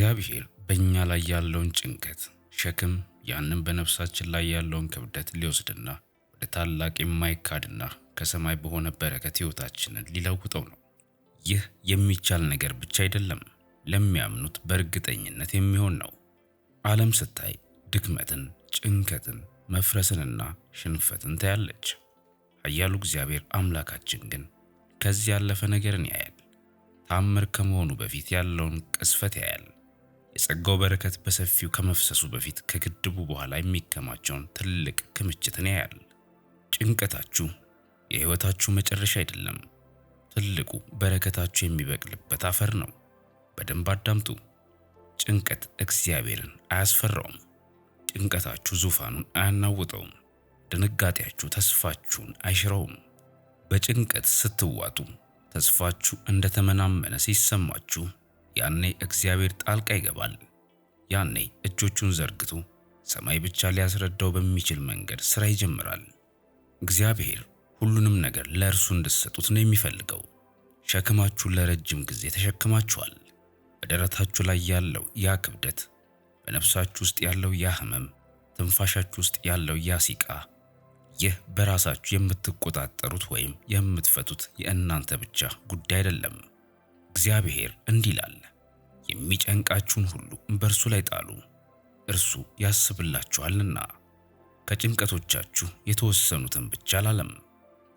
እግዚአብሔር በእኛ ላይ ያለውን ጭንቀት፣ ሸክም ያንም በነፍሳችን ላይ ያለውን ክብደት ሊወስድና ወደ ታላቅ የማይካድና ከሰማይ በሆነ በረከት ሕይወታችንን ሊለውጠው ነው። ይህ የሚቻል ነገር ብቻ አይደለም፣ ለሚያምኑት በእርግጠኝነት የሚሆን ነው። ዓለም ስታይ ድክመትን፣ ጭንቀትን፣ መፍረስንና ሽንፈትን ታያለች። ኃያሉ እግዚአብሔር አምላካችን ግን ከዚህ ያለፈ ነገርን ያያል። ታምር ከመሆኑ በፊት ያለውን ቅስፈት ያያል። የጸጋው በረከት በሰፊው ከመፍሰሱ በፊት ከግድቡ በኋላ የሚከማቸውን ትልቅ ክምችትን ያያል። ጭንቀታችሁ የሕይወታችሁ መጨረሻ አይደለም። ትልቁ በረከታችሁ የሚበቅልበት አፈር ነው። በደንብ አዳምጡ። ጭንቀት እግዚአብሔርን አያስፈራውም። ጭንቀታችሁ ዙፋኑን አያናውጠውም። ድንጋጤያችሁ ተስፋችሁን አይሽረውም። በጭንቀት ስትዋጡ ተስፋችሁ እንደተመናመነ ሲሰማችሁ ያኔ እግዚአብሔር ጣልቃ ይገባል። ያኔ እጆቹን ዘርግቶ ሰማይ ብቻ ሊያስረዳው በሚችል መንገድ ስራ ይጀምራል። እግዚአብሔር ሁሉንም ነገር ለእርሱ እንድትሰጡት ነው የሚፈልገው። ሸክማችሁን ለረጅም ጊዜ ተሸክማችኋል። በደረታችሁ ላይ ያለው ያ ክብደት፣ በነፍሳችሁ ውስጥ ያለው ያ ህመም፣ ትንፋሻችሁ ውስጥ ያለው ያ ሲቃ፣ ይህ በራሳችሁ የምትቆጣጠሩት ወይም የምትፈቱት የእናንተ ብቻ ጉዳይ አይደለም። እግዚአብሔር እንዲህ ይላል፣ የሚጨንቃችሁን ሁሉ በእርሱ ላይ ጣሉ፣ እርሱ ያስብላችኋልና። ከጭንቀቶቻችሁ የተወሰኑትን ብቻ አላለም፤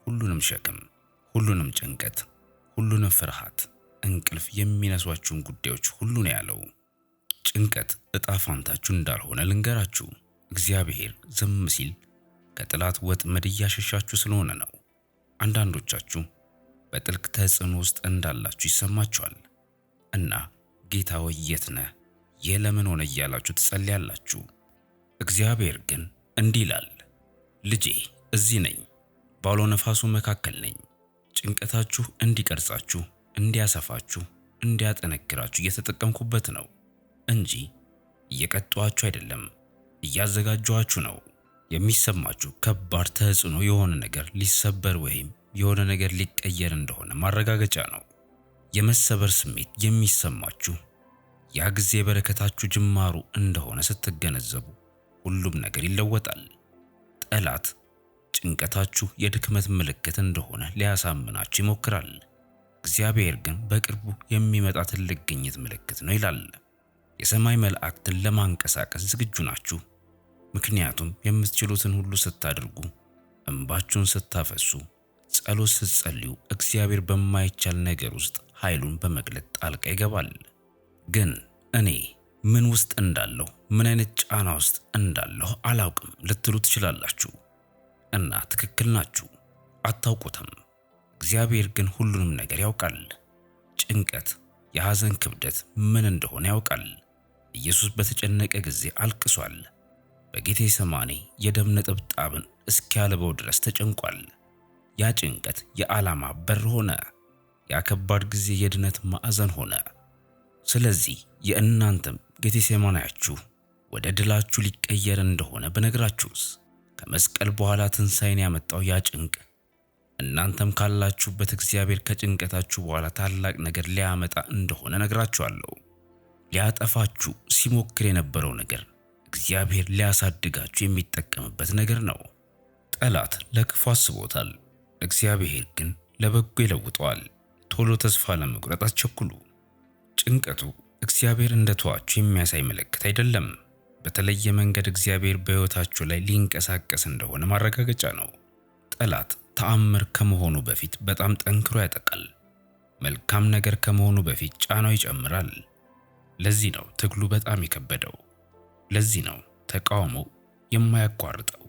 ሁሉንም ሸክም፣ ሁሉንም ጭንቀት፣ ሁሉንም ፍርሃት፣ እንቅልፍ የሚነሷችሁን ጉዳዮች ሁሉ ነው ያለው። ጭንቀት እጣ ፋንታችሁ እንዳልሆነ ልንገራችሁ። እግዚአብሔር ዝም ሲል ከጥላት ወጥመድ እያሸሻችሁ ስለሆነ ነው። አንዳንዶቻችሁ በጥልቅ ተጽዕኖ ውስጥ እንዳላችሁ ይሰማችኋል እና ጌታ ሆይ የት ነህ? ይህ ለምን ሆነ እያላችሁ ትጸልያላችሁ። እግዚአብሔር ግን እንዲህ ይላል፣ ልጄ እዚህ ነኝ፣ ባሎ ነፋሱ መካከል ነኝ። ጭንቀታችሁ እንዲቀርጻችሁ፣ እንዲያሰፋችሁ፣ እንዲያጠነክራችሁ እየተጠቀምኩበት ነው እንጂ እየቀጧችሁ አይደለም፣ እያዘጋጇችሁ ነው። የሚሰማችሁ ከባድ ተጽዕኖ የሆነ ነገር ሊሰበር ወይም የሆነ ነገር ሊቀየር እንደሆነ ማረጋገጫ ነው። የመሰበር ስሜት የሚሰማችሁ ያ ጊዜ የበረከታችሁ ጅማሩ እንደሆነ ስትገነዘቡ ሁሉም ነገር ይለወጣል። ጠላት ጭንቀታችሁ የድክመት ምልክት እንደሆነ ሊያሳምናችሁ ይሞክራል። እግዚአብሔር ግን በቅርቡ የሚመጣ ትልቅ ግኝት ምልክት ነው ይላል። የሰማይ መላእክትን ለማንቀሳቀስ ዝግጁ ናችሁ። ምክንያቱም የምትችሉትን ሁሉ ስታደርጉ፣ እንባችሁን ስታፈሱ፣ ጸሎት ስትጸልዩ፣ እግዚአብሔር በማይቻል ነገር ውስጥ ኃይሉን በመግለጥ ጣልቃ ይገባል። ግን እኔ ምን ውስጥ እንዳለሁ ምን አይነት ጫና ውስጥ እንዳለሁ አላውቅም ልትሉ ትችላላችሁ፣ እና ትክክል ናችሁ፣ አታውቁትም። እግዚአብሔር ግን ሁሉንም ነገር ያውቃል። ጭንቀት፣ የሐዘን ክብደት ምን እንደሆነ ያውቃል። ኢየሱስ በተጨነቀ ጊዜ አልቅሷል። በጌቴ ሰማኔ የደም ነጠብጣብን እስኪያልበው ድረስ ተጨንቋል። ያ ጭንቀት የዓላማ በር ሆነ። ያ ጊዜ የድነት ማዕዘን ሆነ። ስለዚህ የእናንተም ጌቴሴማንያችሁ ወደ ድላችሁ ሊቀየር እንደሆነ በነግራችሁስ ከመስቀል በኋላ ትንሣኤን ያመጣው ያ ጭንቅ እናንተም ካላችሁበት እግዚአብሔር ከጭንቀታችሁ በኋላ ታላቅ ነገር ሊያመጣ እንደሆነ ነግራችኋለሁ። ሊያጠፋችሁ ሲሞክር የነበረው ነገር እግዚአብሔር ሊያሳድጋችሁ የሚጠቀምበት ነገር ነው። ጠላት ለክፉ አስቦታል፣ እግዚአብሔር ግን ለበጎ ይለውጠዋል። ቶሎ ተስፋ ለመቁረጥ አትቸኩሉ። ጭንቀቱ እግዚአብሔር እንደተዋችሁ የሚያሳይ ምልክት አይደለም። በተለየ መንገድ እግዚአብሔር በሕይወታችሁ ላይ ሊንቀሳቀስ እንደሆነ ማረጋገጫ ነው። ጠላት ተአምር ከመሆኑ በፊት በጣም ጠንክሮ ያጠቃል። መልካም ነገር ከመሆኑ በፊት ጫናው ይጨምራል። ለዚህ ነው ትግሉ በጣም የከበደው። ለዚህ ነው ተቃውሞ የማያቋርጠው።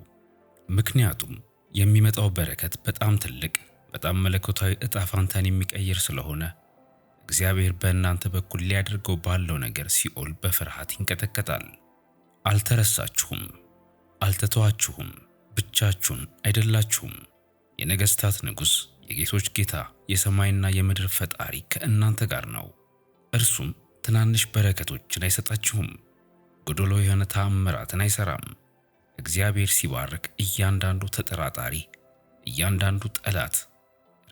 ምክንያቱም የሚመጣው በረከት በጣም ትልቅ በጣም መለኮታዊ እጣ ፋንታን የሚቀይር ስለሆነ እግዚአብሔር በእናንተ በኩል ሊያደርገው ባለው ነገር ሲኦል በፍርሃት ይንቀጠቀጣል። አልተረሳችሁም፣ አልተተዋችሁም፣ ብቻችሁን አይደላችሁም። የነገሥታት ንጉሥ፣ የጌቶች ጌታ፣ የሰማይና የምድር ፈጣሪ ከእናንተ ጋር ነው። እርሱም ትናንሽ በረከቶችን አይሰጣችሁም፣ ጎዶሎ የሆነ ተአምራትን አይሠራም። እግዚአብሔር ሲባርክ እያንዳንዱ ተጠራጣሪ፣ እያንዳንዱ ጠላት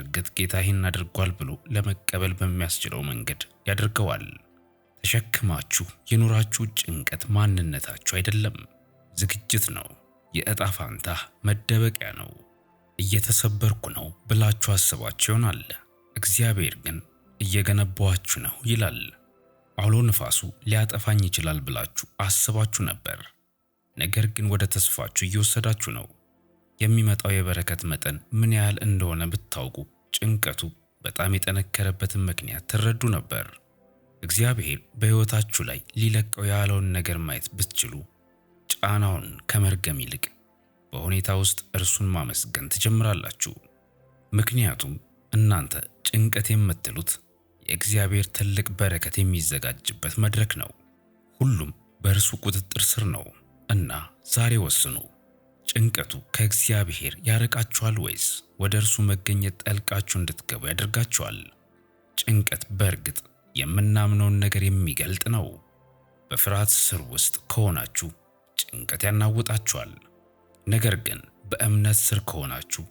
እርግጥ ጌታ ይህን አድርጓል ብሎ ለመቀበል በሚያስችለው መንገድ ያደርገዋል። ተሸክማችሁ የኑራችሁ ጭንቀት ማንነታችሁ አይደለም፣ ዝግጅት ነው። የእጣ ፋንታ መደበቂያ ነው። እየተሰበርኩ ነው ብላችሁ አስባችሁ ይሆናል። እግዚአብሔር ግን እየገነባችሁ ነው ይላል። አውሎ ንፋሱ ሊያጠፋኝ ይችላል ብላችሁ አስባችሁ ነበር፣ ነገር ግን ወደ ተስፋችሁ እየወሰዳችሁ ነው። የሚመጣው የበረከት መጠን ምን ያህል እንደሆነ ብታውቁ ጭንቀቱ በጣም የጠነከረበትን ምክንያት ትረዱ ነበር። እግዚአብሔር በሕይወታችሁ ላይ ሊለቀው ያለውን ነገር ማየት ብትችሉ ጫናውን ከመርገም ይልቅ በሁኔታ ውስጥ እርሱን ማመስገን ትጀምራላችሁ። ምክንያቱም እናንተ ጭንቀት የምትሉት የእግዚአብሔር ትልቅ በረከት የሚዘጋጅበት መድረክ ነው። ሁሉም በእርሱ ቁጥጥር ስር ነው እና ዛሬ ወስኑ። ጭንቀቱ ከእግዚአብሔር ያረቃችኋል ወይስ ወደ እርሱ መገኘት ጠልቃችሁ እንድትገቡ ያደርጋችኋል? ጭንቀት በእርግጥ የምናምነውን ነገር የሚገልጥ ነው። በፍርሃት ስር ውስጥ ከሆናችሁ ጭንቀት ያናውጣችኋል። ነገር ግን በእምነት ስር ከሆናችሁ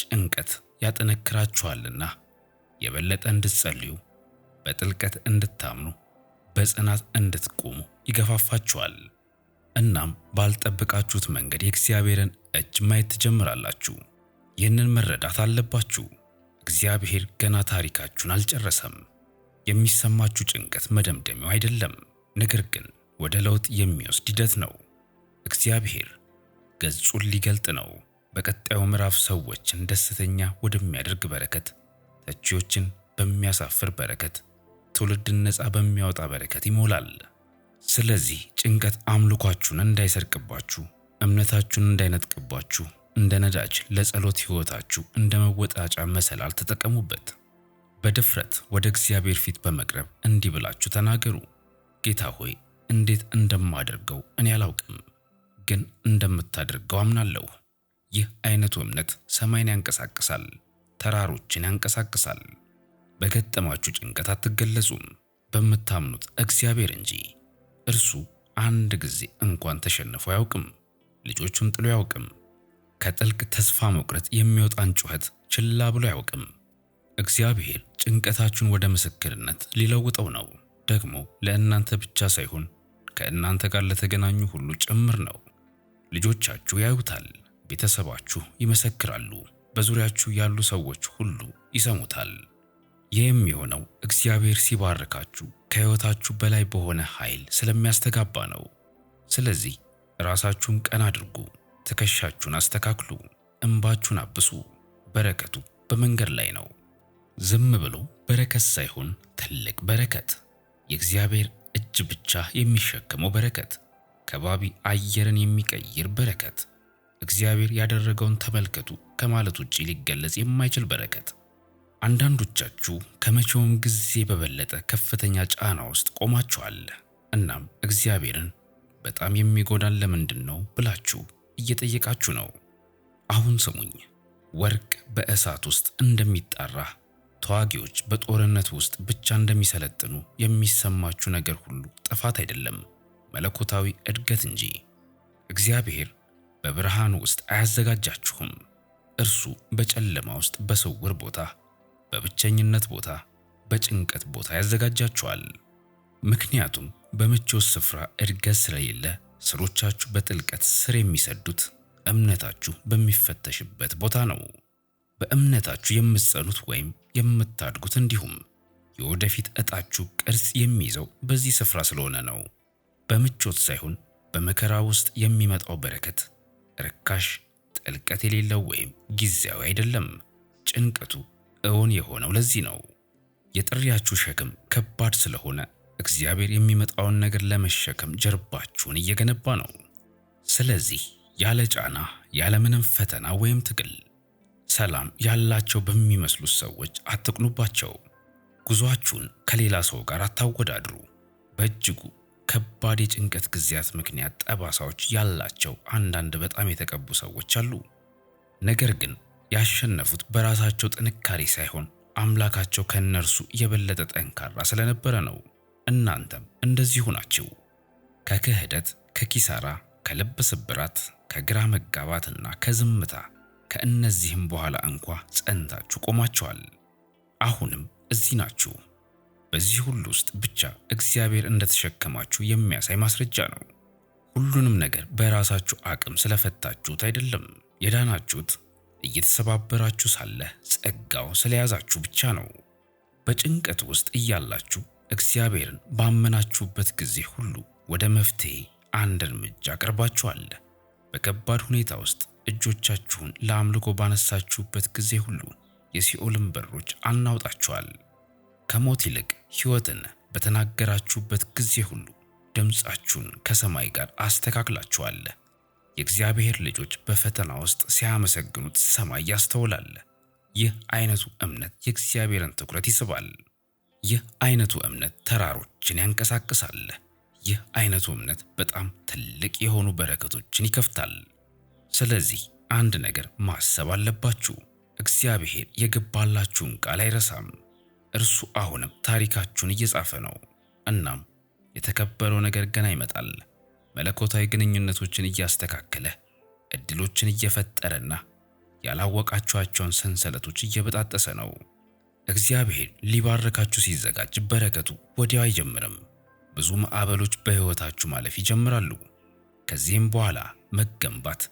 ጭንቀት ያጠነክራችኋልና የበለጠ እንድትጸልዩ፣ በጥልቀት እንድታምኑ፣ በጽናት እንድትቆሙ ይገፋፋችኋል። እናም ባልጠበቃችሁት መንገድ የእግዚአብሔርን እጅ ማየት ትጀምራላችሁ። ይህንን መረዳት አለባችሁ። እግዚአብሔር ገና ታሪካችሁን አልጨረሰም። የሚሰማችሁ ጭንቀት መደምደሚያው አይደለም፣ ነገር ግን ወደ ለውጥ የሚወስድ ሂደት ነው። እግዚአብሔር ገጹን ሊገልጥ ነው። በቀጣዩ ምዕራፍ ሰዎችን ደስተኛ ወደሚያደርግ በረከት፣ ተቺዎችን በሚያሳፍር በረከት፣ ትውልድን ነፃ በሚያወጣ በረከት ይሞላል። ስለዚህ ጭንቀት አምልኳችሁን እንዳይሰርቅባችሁ፣ እምነታችሁን እንዳይነጥቅባችሁ እንደ ነዳጅ ለጸሎት ሕይወታችሁ እንደ መወጣጫ መሰላል ተጠቀሙበት። በድፍረት ወደ እግዚአብሔር ፊት በመቅረብ እንዲህ ብላችሁ ተናገሩ። ጌታ ሆይ እንዴት እንደማደርገው እኔ አላውቅም፣ ግን እንደምታደርገው አምናለሁ። ይህ አይነቱ እምነት ሰማይን ያንቀሳቅሳል፣ ተራሮችን ያንቀሳቅሳል። በገጠማችሁ ጭንቀት አትገለጹም፣ በምታምኑት እግዚአብሔር እንጂ እርሱ አንድ ጊዜ እንኳን ተሸንፎ አያውቅም። ልጆቹን ጥሎ አያውቅም። ከጥልቅ ተስፋ መቁረጥ የሚወጣን ጩኸት ችላ ብሎ አያውቅም። እግዚአብሔር ጭንቀታችሁን ወደ ምስክርነት ሊለውጠው ነው። ደግሞ ለእናንተ ብቻ ሳይሆን ከእናንተ ጋር ለተገናኙ ሁሉ ጭምር ነው። ልጆቻችሁ ያዩታል፣ ቤተሰባችሁ ይመሰክራሉ፣ በዙሪያችሁ ያሉ ሰዎች ሁሉ ይሰሙታል። ይህም የሆነው እግዚአብሔር ሲባርካችሁ ከሕይወታችሁ በላይ በሆነ ኃይል ስለሚያስተጋባ ነው። ስለዚህ ራሳችሁን ቀና አድርጉ፣ ትከሻችሁን አስተካክሉ፣ እንባችሁን አብሱ። በረከቱ በመንገድ ላይ ነው። ዝም ብሎ በረከት ሳይሆን ትልቅ በረከት፣ የእግዚአብሔር እጅ ብቻ የሚሸከመው በረከት፣ ከባቢ አየርን የሚቀይር በረከት፣ እግዚአብሔር ያደረገውን ተመልከቱ ከማለት ውጭ ሊገለጽ የማይችል በረከት አንዳንዶቻችሁ ከመቼውም ጊዜ በበለጠ ከፍተኛ ጫና ውስጥ ቆማችኋል። እናም እግዚአብሔርን በጣም የሚጎዳን ለምንድን ነው ብላችሁ እየጠየቃችሁ ነው። አሁን ስሙኝ። ወርቅ በእሳት ውስጥ እንደሚጣራ፣ ተዋጊዎች በጦርነት ውስጥ ብቻ እንደሚሰለጥኑ የሚሰማችሁ ነገር ሁሉ ጥፋት አይደለም፣ መለኮታዊ እድገት እንጂ። እግዚአብሔር በብርሃን ውስጥ አያዘጋጃችሁም። እርሱ በጨለማ ውስጥ በስውር ቦታ በብቸኝነት ቦታ፣ በጭንቀት ቦታ ያዘጋጃችኋል። ምክንያቱም በምቾት ስፍራ እድገት ስለሌለ ስሮቻችሁ በጥልቀት ስር የሚሰዱት እምነታችሁ በሚፈተሽበት ቦታ ነው። በእምነታችሁ የምትጸኑት ወይም የምታድጉት እንዲሁም የወደፊት እጣችሁ ቅርጽ የሚይዘው በዚህ ስፍራ ስለሆነ ነው። በምቾት ሳይሆን በመከራ ውስጥ የሚመጣው በረከት ርካሽ፣ ጥልቀት የሌለው ወይም ጊዜያዊ አይደለም። ጭንቀቱ እውን የሆነው ለዚህ ነው። የጥሪያችሁ ሸክም ከባድ ስለሆነ እግዚአብሔር የሚመጣውን ነገር ለመሸከም ጀርባችሁን እየገነባ ነው። ስለዚህ ያለ ጫና፣ ያለምንም ፈተና ወይም ትግል ሰላም ያላቸው በሚመስሉት ሰዎች አትቅኑባቸው። ጉዟችሁን ከሌላ ሰው ጋር አታወዳድሩ። በእጅጉ ከባድ የጭንቀት ጊዜያት ምክንያት ጠባሳዎች ያላቸው አንዳንድ በጣም የተቀቡ ሰዎች አሉ። ነገር ግን ያሸነፉት በራሳቸው ጥንካሬ ሳይሆን አምላካቸው ከእነርሱ የበለጠ ጠንካራ ስለነበረ ነው። እናንተም እንደዚሁ ናችሁ። ከክህደት፣ ከኪሳራ፣ ከልብ ስብራት፣ ከግራ መጋባትና ከዝምታ ከእነዚህም በኋላ እንኳ ጸንታችሁ ቆማችኋል። አሁንም እዚህ ናችሁ። በዚህ ሁሉ ውስጥ ብቻ እግዚአብሔር እንደተሸከማችሁ የሚያሳይ ማስረጃ ነው። ሁሉንም ነገር በራሳችሁ አቅም ስለፈታችሁት አይደለም የዳናችሁት እየተሰባበራችሁ ሳለ ጸጋው ስለያዛችሁ ብቻ ነው። በጭንቀት ውስጥ እያላችሁ እግዚአብሔርን ባመናችሁበት ጊዜ ሁሉ ወደ መፍትሔ አንድ እርምጃ ቀርባችኋል። በከባድ ሁኔታ ውስጥ እጆቻችሁን ለአምልኮ ባነሳችሁበት ጊዜ ሁሉ የሲኦልን በሮች አናውጣችኋል። ከሞት ይልቅ ሕይወትን በተናገራችሁበት ጊዜ ሁሉ ድምፃችሁን ከሰማይ ጋር አስተካክላችኋል። የእግዚአብሔር ልጆች በፈተና ውስጥ ሲያመሰግኑት ሰማይ ያስተውላል። ይህ አይነቱ እምነት የእግዚአብሔርን ትኩረት ይስባል። ይህ አይነቱ እምነት ተራሮችን ያንቀሳቅሳል። ይህ አይነቱ እምነት በጣም ትልቅ የሆኑ በረከቶችን ይከፍታል። ስለዚህ አንድ ነገር ማሰብ አለባችሁ። እግዚአብሔር የገባላችሁን ቃል አይረሳም። እርሱ አሁንም ታሪካችሁን እየጻፈ ነው። እናም የተከበረው ነገር ገና ይመጣል። መለኮታዊ ግንኙነቶችን እያስተካከለ እድሎችን እየፈጠረና ያላወቃችኋቸውን ሰንሰለቶች እየበጣጠሰ ነው። እግዚአብሔር ሊባርካችሁ ሲዘጋጅ በረከቱ ወዲያው አይጀምርም። ብዙ ማዕበሎች በሕይወታችሁ ማለፍ ይጀምራሉ። ከዚህም በኋላ መገንባት፣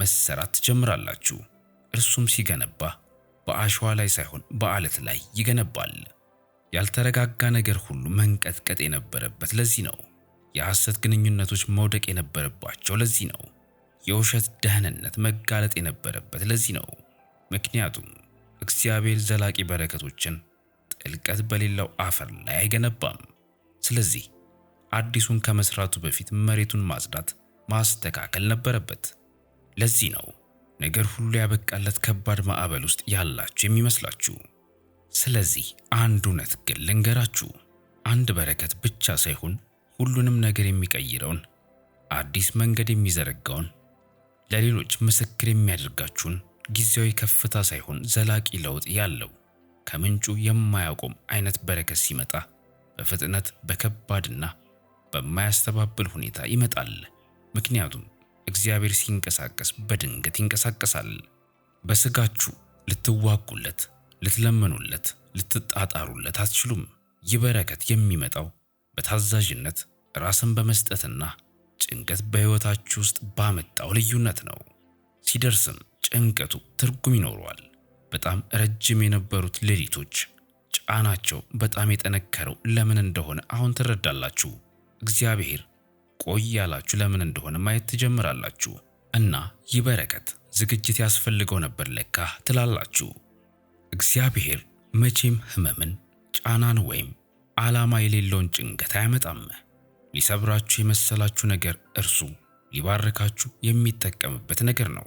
መሰራት ትጀምራላችሁ። እርሱም ሲገነባ በአሸዋ ላይ ሳይሆን በአለት ላይ ይገነባል። ያልተረጋጋ ነገር ሁሉ መንቀጥቀጥ የነበረበት ለዚህ ነው። የሐሰት ግንኙነቶች መውደቅ የነበረባቸው ለዚህ ነው። የውሸት ደህንነት መጋለጥ የነበረበት ለዚህ ነው። ምክንያቱም እግዚአብሔር ዘላቂ በረከቶችን ጥልቀት በሌለው አፈር ላይ አይገነባም። ስለዚህ አዲሱን ከመስራቱ በፊት መሬቱን ማጽዳት፣ ማስተካከል ነበረበት። ለዚህ ነው ነገር ሁሉ ያበቃለት ከባድ ማዕበል ውስጥ ያላችሁ የሚመስላችሁ። ስለዚህ አንድ እውነት ግን ልንገራችሁ፣ አንድ በረከት ብቻ ሳይሆን ሁሉንም ነገር የሚቀይረውን አዲስ መንገድ የሚዘረጋውን ለሌሎች ምስክር የሚያደርጋችሁን ጊዜያዊ ከፍታ ሳይሆን ዘላቂ ለውጥ ያለው ከምንጩ የማያቆም አይነት በረከት ሲመጣ በፍጥነት በከባድና በማያስተባብል ሁኔታ ይመጣል። ምክንያቱም እግዚአብሔር ሲንቀሳቀስ በድንገት ይንቀሳቀሳል። በስጋችሁ ልትዋጉለት፣ ልትለመኑለት ልትጣጣሩለት አትችሉም። ይህ በረከት የሚመጣው በታዛዥነት ራስን በመስጠትና ጭንቀት በሕይወታችሁ ውስጥ ባመጣው ልዩነት ነው። ሲደርስም ጭንቀቱ ትርጉም ይኖረዋል። በጣም ረጅም የነበሩት ሌሊቶች ጫናቸው በጣም የጠነከረው ለምን እንደሆነ አሁን ትረዳላችሁ። እግዚአብሔር ቆይ ያላችሁ ለምን እንደሆነ ማየት ትጀምራላችሁ። እና ይህ በረከት ዝግጅት ያስፈልገው ነበር ለካ ትላላችሁ። እግዚአብሔር መቼም ህመምን ጫናን ወይም ዓላማ የሌለውን ጭንቀት አያመጣም። ሊሰብራችሁ የመሰላችሁ ነገር እርሱ ሊባርካችሁ የሚጠቀምበት ነገር ነው።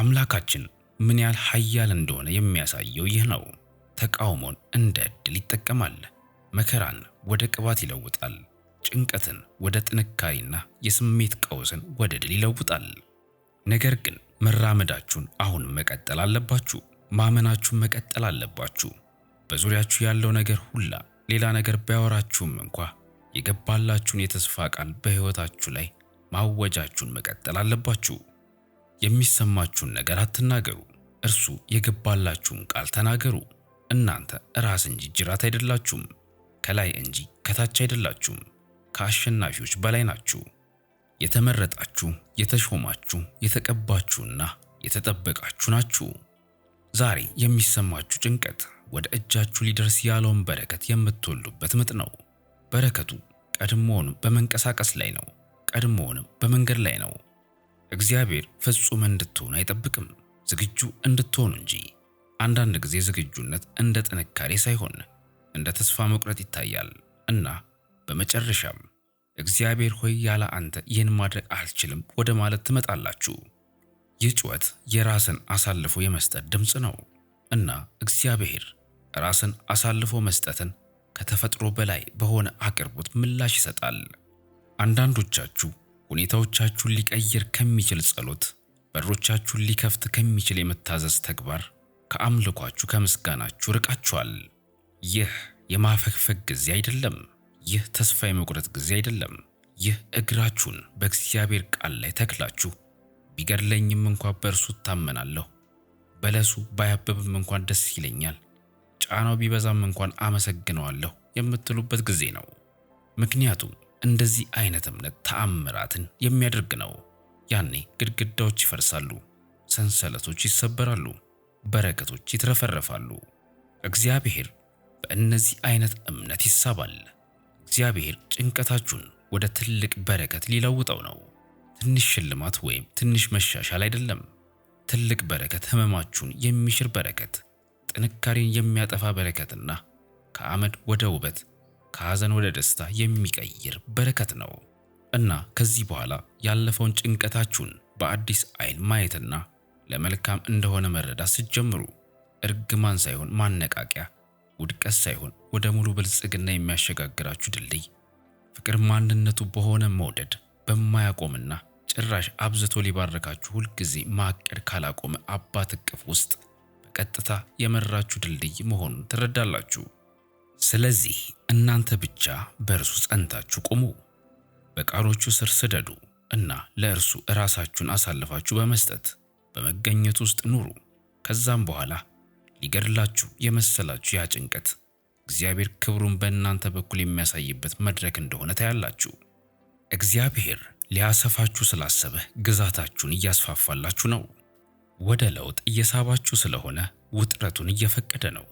አምላካችን ምን ያህል ኃያል እንደሆነ የሚያሳየው ይህ ነው። ተቃውሞን እንደ ዕድል ይጠቀማል። መከራን ወደ ቅባት ይለውጣል። ጭንቀትን ወደ ጥንካሬና የስሜት ቀውስን ወደ ድል ይለውጣል። ነገር ግን መራመዳችሁን አሁን መቀጠል አለባችሁ። ማመናችሁን መቀጠል አለባችሁ። በዙሪያችሁ ያለው ነገር ሁላ ሌላ ነገር ባያወራችሁም እንኳ የገባላችሁን የተስፋ ቃል በሕይወታችሁ ላይ ማወጃችሁን መቀጠል አለባችሁ። የሚሰማችሁን ነገር አትናገሩ፣ እርሱ የገባላችሁን ቃል ተናገሩ። እናንተ ራስ እንጂ ጅራት አይደላችሁም፣ ከላይ እንጂ ከታች አይደላችሁም። ከአሸናፊዎች በላይ ናችሁ። የተመረጣችሁ፣ የተሾማችሁ፣ የተቀባችሁና የተጠበቃችሁ ናችሁ። ዛሬ የሚሰማችሁ ጭንቀት ወደ እጃችሁ ሊደርስ ያለውን በረከት የምትወሉበት ምጥ ነው። በረከቱ ቀድሞውንም በመንቀሳቀስ ላይ ነው። ቀድሞውንም በመንገድ ላይ ነው። እግዚአብሔር ፍጹም እንድትሆኑ አይጠብቅም፣ ዝግጁ እንድትሆኑ እንጂ። አንዳንድ ጊዜ ዝግጁነት እንደ ጥንካሬ ሳይሆን እንደ ተስፋ መቁረጥ ይታያል እና በመጨረሻም እግዚአብሔር ሆይ ያለ አንተ ይህን ማድረግ አልችልም ወደ ማለት ትመጣላችሁ። ይህ ጩኸት የራስን አሳልፎ የመስጠት ድምፅ ነው እና እግዚአብሔር ራስን አሳልፎ መስጠትን ከተፈጥሮ በላይ በሆነ አቅርቦት ምላሽ ይሰጣል። አንዳንዶቻችሁ ሁኔታዎቻችሁን ሊቀይር ከሚችል ጸሎት፣ በሮቻችሁን ሊከፍት ከሚችል የመታዘዝ ተግባር፣ ከአምልኳችሁ ከምስጋናችሁ ርቃችኋል። ይህ የማፈግፈግ ጊዜ አይደለም። ይህ ተስፋ የመቁረጥ ጊዜ አይደለም። ይህ እግራችሁን በእግዚአብሔር ቃል ላይ ተክላችሁ ቢገድለኝም እንኳን በእርሱ እታመናለሁ፣ በለሱ ባያብብም እንኳን ደስ ይለኛል ጫናው ቢበዛም እንኳን አመሰግነዋለሁ የምትሉበት ጊዜ ነው። ምክንያቱም እንደዚህ አይነት እምነት ተአምራትን የሚያደርግ ነው። ያኔ ግድግዳዎች ይፈርሳሉ፣ ሰንሰለቶች ይሰበራሉ፣ በረከቶች ይትረፈረፋሉ። እግዚአብሔር በእነዚህ አይነት እምነት ይሳባል። እግዚአብሔር ጭንቀታችሁን ወደ ትልቅ በረከት ሊለውጠው ነው። ትንሽ ሽልማት ወይም ትንሽ መሻሻል አይደለም። ትልቅ በረከት፣ ህመማችሁን የሚሽር በረከት ጥንካሬን የሚያጠፋ በረከትና ከአመድ ወደ ውበት ከሐዘን ወደ ደስታ የሚቀይር በረከት ነው እና ከዚህ በኋላ ያለፈውን ጭንቀታችሁን በአዲስ አይል ማየትና ለመልካም እንደሆነ መረዳት ስትጀምሩ እርግማን ሳይሆን ማነቃቂያ፣ ውድቀት ሳይሆን ወደ ሙሉ ብልጽግና የሚያሸጋግራችሁ ድልድይ ፍቅር ማንነቱ በሆነ መውደድ በማያቆምና ጭራሽ አብዝቶ ሊባረካችሁ ሁልጊዜ ማቀድ ካላቆመ አባት እቅፍ ውስጥ በቀጥታ የመራችሁ ድልድይ መሆኑን ትረዳላችሁ። ስለዚህ እናንተ ብቻ በእርሱ ጸንታችሁ ቁሙ፣ በቃሎቹ ስር ስደዱ እና ለእርሱ ራሳችሁን አሳልፋችሁ በመስጠት በመገኘት ውስጥ ኑሩ። ከዛም በኋላ ሊገድላችሁ የመሰላችሁ ያ ጭንቀት እግዚአብሔር ክብሩን በእናንተ በኩል የሚያሳይበት መድረክ እንደሆነ ታያላችሁ። እግዚአብሔር ሊያሰፋችሁ ስላሰበ ግዛታችሁን እያስፋፋላችሁ ነው። ወደ ለውጥ እየሳባችሁ ስለሆነ ውጥረቱን እየፈቀደ ነው።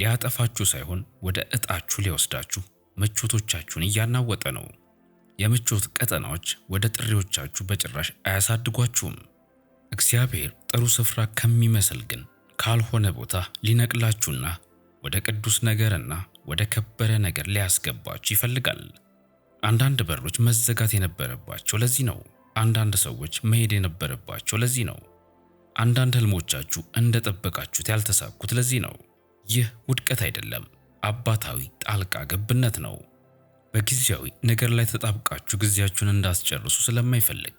ሊያጠፋችሁ ሳይሆን ወደ እጣችሁ ሊወስዳችሁ ምቾቶቻችሁን እያናወጠ ነው። የምቾት ቀጠናዎች ወደ ጥሪዎቻችሁ በጭራሽ አያሳድጓችሁም። እግዚአብሔር ጥሩ ስፍራ ከሚመስል ግን ካልሆነ ቦታ ሊነቅላችሁና ወደ ቅዱስ ነገርና ወደ ከበረ ነገር ሊያስገባችሁ ይፈልጋል። አንዳንድ በሮች መዘጋት የነበረባቸው ለዚህ ነው። አንዳንድ ሰዎች መሄድ የነበረባቸው ለዚህ ነው። አንዳንድ ህልሞቻችሁ እንደጠበቃችሁት ያልተሳኩት ለዚህ ነው። ይህ ውድቀት አይደለም፣ አባታዊ ጣልቃ ገብነት ነው። በጊዜያዊ ነገር ላይ ተጣብቃችሁ ጊዜያችሁን እንዳስጨርሱ ስለማይፈልግ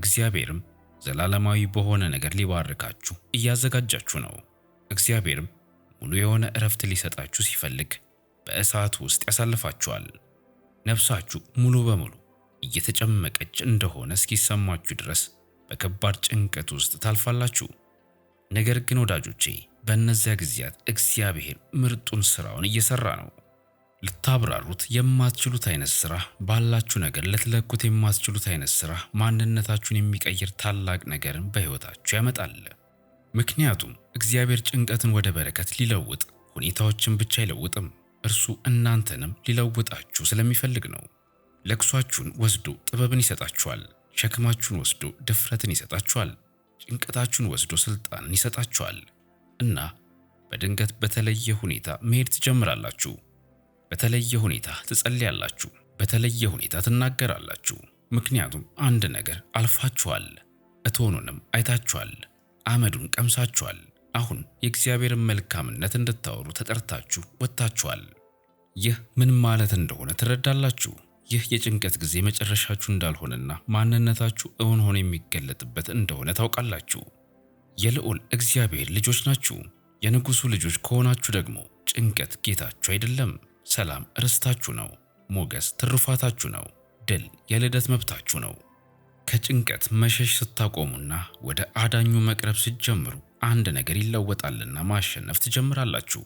እግዚአብሔርም ዘላለማዊ በሆነ ነገር ሊባርካችሁ እያዘጋጃችሁ ነው። እግዚአብሔርም ሙሉ የሆነ እረፍት ሊሰጣችሁ ሲፈልግ በእሳት ውስጥ ያሳልፋችኋል። ነፍሳችሁ ሙሉ በሙሉ እየተጨመቀች እንደሆነ እስኪሰማችሁ ድረስ በከባድ ጭንቀት ውስጥ ታልፋላችሁ። ነገር ግን ወዳጆቼ በእነዚያ ጊዜያት እግዚአብሔር ምርጡን ስራውን እየሰራ ነው። ልታብራሩት የማትችሉት አይነት ስራ፣ ባላችሁ ነገር ልትለኩት የማትችሉት አይነት ስራ ማንነታችሁን የሚቀይር ታላቅ ነገርን በሕይወታችሁ ያመጣል። ምክንያቱም እግዚአብሔር ጭንቀትን ወደ በረከት ሊለውጥ ሁኔታዎችን ብቻ አይለውጥም፣ እርሱ እናንተንም ሊለውጣችሁ ስለሚፈልግ ነው። ለቅሷችሁን ወስዶ ጥበብን ይሰጣችኋል። ሸክማችሁን ወስዶ ድፍረትን ይሰጣችኋል። ጭንቀታችሁን ወስዶ ስልጣንን ይሰጣችኋል እና በድንገት በተለየ ሁኔታ መሄድ ትጀምራላችሁ። በተለየ ሁኔታ ትጸልያላችሁ። በተለየ ሁኔታ ትናገራላችሁ። ምክንያቱም አንድ ነገር አልፋችኋል። እቶኑንም አይታችኋል። አመዱን ቀምሳችኋል። አሁን የእግዚአብሔርን መልካምነት እንድታወሩ ተጠርታችሁ ወጥታችኋል። ይህ ምን ማለት እንደሆነ ትረዳላችሁ። ይህ የጭንቀት ጊዜ መጨረሻችሁ እንዳልሆነና ማንነታችሁ እውን ሆኖ የሚገለጥበት እንደሆነ ታውቃላችሁ። የልዑል እግዚአብሔር ልጆች ናችሁ። የንጉሡ ልጆች ከሆናችሁ ደግሞ ጭንቀት ጌታችሁ አይደለም፣ ሰላም ርስታችሁ ነው። ሞገስ ትሩፋታችሁ ነው። ድል የልደት መብታችሁ ነው። ከጭንቀት መሸሽ ስታቆሙና ወደ አዳኙ መቅረብ ስትጀምሩ አንድ ነገር ይለወጣልና ማሸነፍ ትጀምራላችሁ።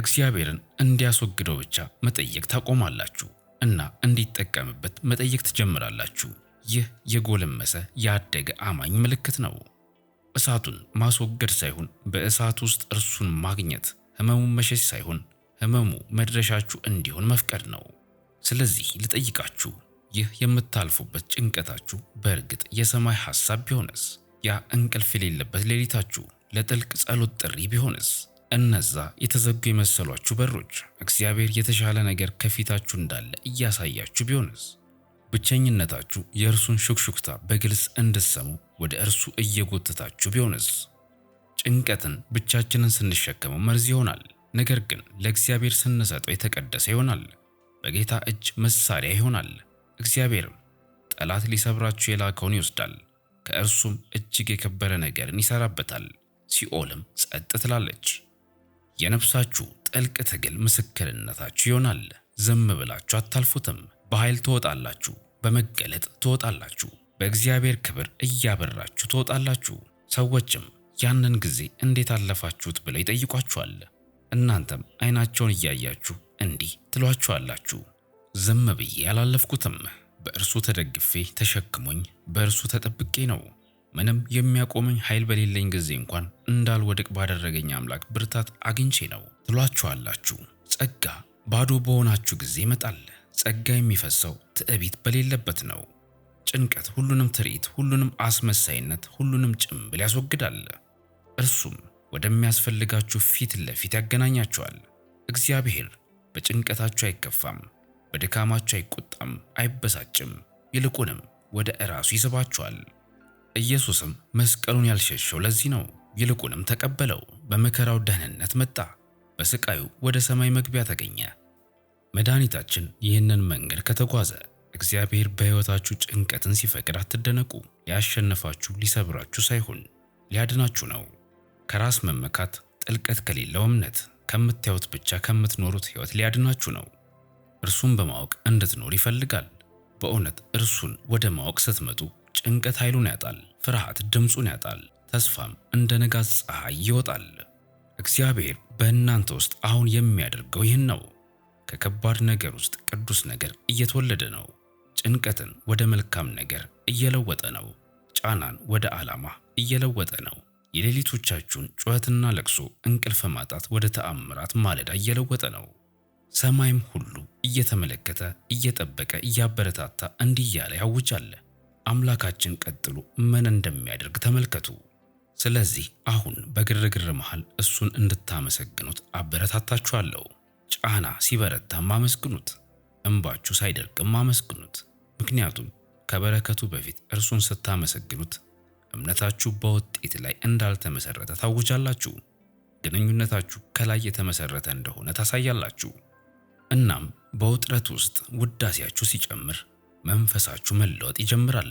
እግዚአብሔርን እንዲያስወግደው ብቻ መጠየቅ ታቆማላችሁ። እና እንዲጠቀምበት መጠየቅ ትጀምራላችሁ። ይህ የጎለመሰ ያደገ አማኝ ምልክት ነው። እሳቱን ማስወገድ ሳይሆን በእሳት ውስጥ እርሱን ማግኘት፣ ህመሙን መሸሽ ሳይሆን ህመሙ መድረሻችሁ እንዲሆን መፍቀድ ነው። ስለዚህ ልጠይቃችሁ፣ ይህ የምታልፉበት ጭንቀታችሁ በእርግጥ የሰማይ ሐሳብ ቢሆንስ? ያ እንቅልፍ የሌለበት ሌሊታችሁ ለጥልቅ ጸሎት ጥሪ ቢሆንስ? እነዛ የተዘጉ የመሰሏችሁ በሮች እግዚአብሔር የተሻለ ነገር ከፊታችሁ እንዳለ እያሳያችሁ ቢሆንስ? ብቸኝነታችሁ የእርሱን ሹክሹክታ በግልጽ እንድትሰሙ ወደ እርሱ እየጎተታችሁ ቢሆንስ? ጭንቀትን ብቻችንን ስንሸከመው መርዝ ይሆናል፣ ነገር ግን ለእግዚአብሔር ስንሰጠው የተቀደሰ ይሆናል። በጌታ እጅ መሳሪያ ይሆናል። እግዚአብሔርም ጠላት ሊሰብራችሁ የላከውን ይወስዳል፣ ከእርሱም እጅግ የከበረ ነገርን ይሰራበታል። ሲኦልም ጸጥ ትላለች። የነፍሳችሁ ጥልቅ ትግል ምስክርነታችሁ ይሆናል። ዝም ብላችሁ አታልፉትም። በኃይል ትወጣላችሁ፣ በመገለጥ ትወጣላችሁ፣ በእግዚአብሔር ክብር እያበራችሁ ትወጣላችሁ። ሰዎችም ያንን ጊዜ እንዴት አለፋችሁት ብለው ይጠይቋችኋል። እናንተም አይናቸውን እያያችሁ እንዲህ ትሏችኋላችሁ፣ ዝም ብዬ አላለፍኩትም፣ በእርሱ ተደግፌ ተሸክሞኝ በእርሱ ተጠብቄ ነው። ምንም የሚያቆመኝ ኃይል በሌለኝ ጊዜ እንኳን እንዳልወድቅ ባደረገኝ አምላክ ብርታት አግኝቼ ነው ትሏችኋላችሁ። ጸጋ ባዶ በሆናችሁ ጊዜ ይመጣል። ጸጋ የሚፈሰው ትዕቢት በሌለበት ነው። ጭንቀት ሁሉንም ትርኢት፣ ሁሉንም አስመሳይነት፣ ሁሉንም ጭምብል ያስወግዳል። እርሱም ወደሚያስፈልጋችሁ ፊት ለፊት ያገናኛችኋል። እግዚአብሔር በጭንቀታችሁ አይከፋም፣ በድካማችሁ አይቆጣም፣ አይበሳጭም። ይልቁንም ወደ እራሱ ይስባችኋል። ኢየሱስም መስቀሉን ያልሸሸው ለዚህ ነው። ይልቁንም ተቀበለው። በመከራው ደህንነት መጣ። በስቃዩ ወደ ሰማይ መግቢያ ተገኘ። መድኃኒታችን ይህንን መንገድ ከተጓዘ እግዚአብሔር በሕይወታችሁ ጭንቀትን ሲፈቅድ አትደነቁ። ሊያሸንፋችሁ፣ ሊሰብራችሁ ሳይሆን ሊያድናችሁ ነው። ከራስ መመካት፣ ጥልቀት ከሌለው እምነት፣ ከምታዩት ብቻ ከምትኖሩት ሕይወት ሊያድናችሁ ነው። እርሱን በማወቅ እንድትኖር ይፈልጋል። በእውነት እርሱን ወደ ማወቅ ስትመጡ ጭንቀት ኃይሉን ያጣል፣ ፍርሃት ድምፁን ያጣል፣ ተስፋም እንደ ንጋት ፀሐይ ይወጣል። እግዚአብሔር በእናንተ ውስጥ አሁን የሚያደርገው ይህን ነው። ከከባድ ነገር ውስጥ ቅዱስ ነገር እየተወለደ ነው። ጭንቀትን ወደ መልካም ነገር እየለወጠ ነው። ጫናን ወደ ዓላማ እየለወጠ ነው። የሌሊቶቻችሁን ጩኸትና ለቅሶ፣ እንቅልፍ ማጣት ወደ ተአምራት ማለዳ እየለወጠ ነው። ሰማይም ሁሉ እየተመለከተ እየጠበቀ እያበረታታ እንዲህ እያለ ያውጃለ አምላካችን ቀጥሎ ምን እንደሚያደርግ ተመልከቱ። ስለዚህ አሁን በግርግር መሃል እሱን እንድታመሰግኑት አበረታታችኋለሁ። ጫና ሲበረታም አመስግኑት፣ እንባችሁ ሳይደርቅም አመስግኑት። ምክንያቱም ከበረከቱ በፊት እርሱን ስታመሰግኑት እምነታችሁ በውጤት ላይ እንዳልተመሰረተ ታውጃላችሁ። ግንኙነታችሁ ከላይ የተመሰረተ እንደሆነ ታሳያላችሁ። እናም በውጥረት ውስጥ ውዳሴያችሁ ሲጨምር መንፈሳችሁ መለወጥ ይጀምራል።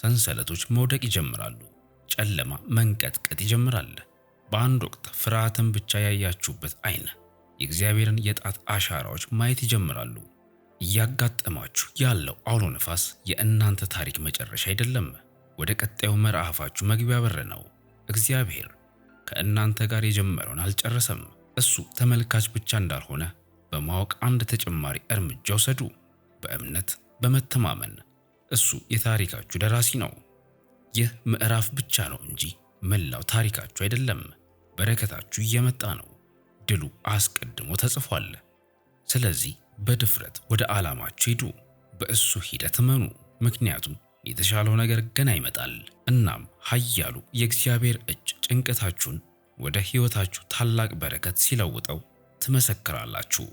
ሰንሰለቶች መውደቅ ይጀምራሉ። ጨለማ መንቀጥቀጥ ይጀምራል። በአንድ ወቅት ፍርሃትን ብቻ ያያችሁበት አይን የእግዚአብሔርን የጣት አሻራዎች ማየት ይጀምራሉ። እያጋጠማችሁ ያለው አውሎ ነፋስ የእናንተ ታሪክ መጨረሻ አይደለም፣ ወደ ቀጣዩ ምዕራፋችሁ መግቢያ በር ነው። እግዚአብሔር ከእናንተ ጋር የጀመረውን አልጨረሰም። እሱ ተመልካች ብቻ እንዳልሆነ በማወቅ አንድ ተጨማሪ እርምጃ ውሰዱ በእምነት በመተማመን እሱ የታሪካችሁ ደራሲ ነው። ይህ ምዕራፍ ብቻ ነው እንጂ መላው ታሪካችሁ አይደለም። በረከታችሁ እየመጣ ነው። ድሉ አስቀድሞ ተጽፏል። ስለዚህ በድፍረት ወደ ዓላማችሁ ሂዱ። በእሱ ሂደት እመኑ፣ ምክንያቱም የተሻለው ነገር ገና ይመጣል። እናም ኃያሉ የእግዚአብሔር እጅ ጭንቀታችሁን ወደ ሕይወታችሁ ታላቅ በረከት ሲለውጠው ትመሰክራላችሁ።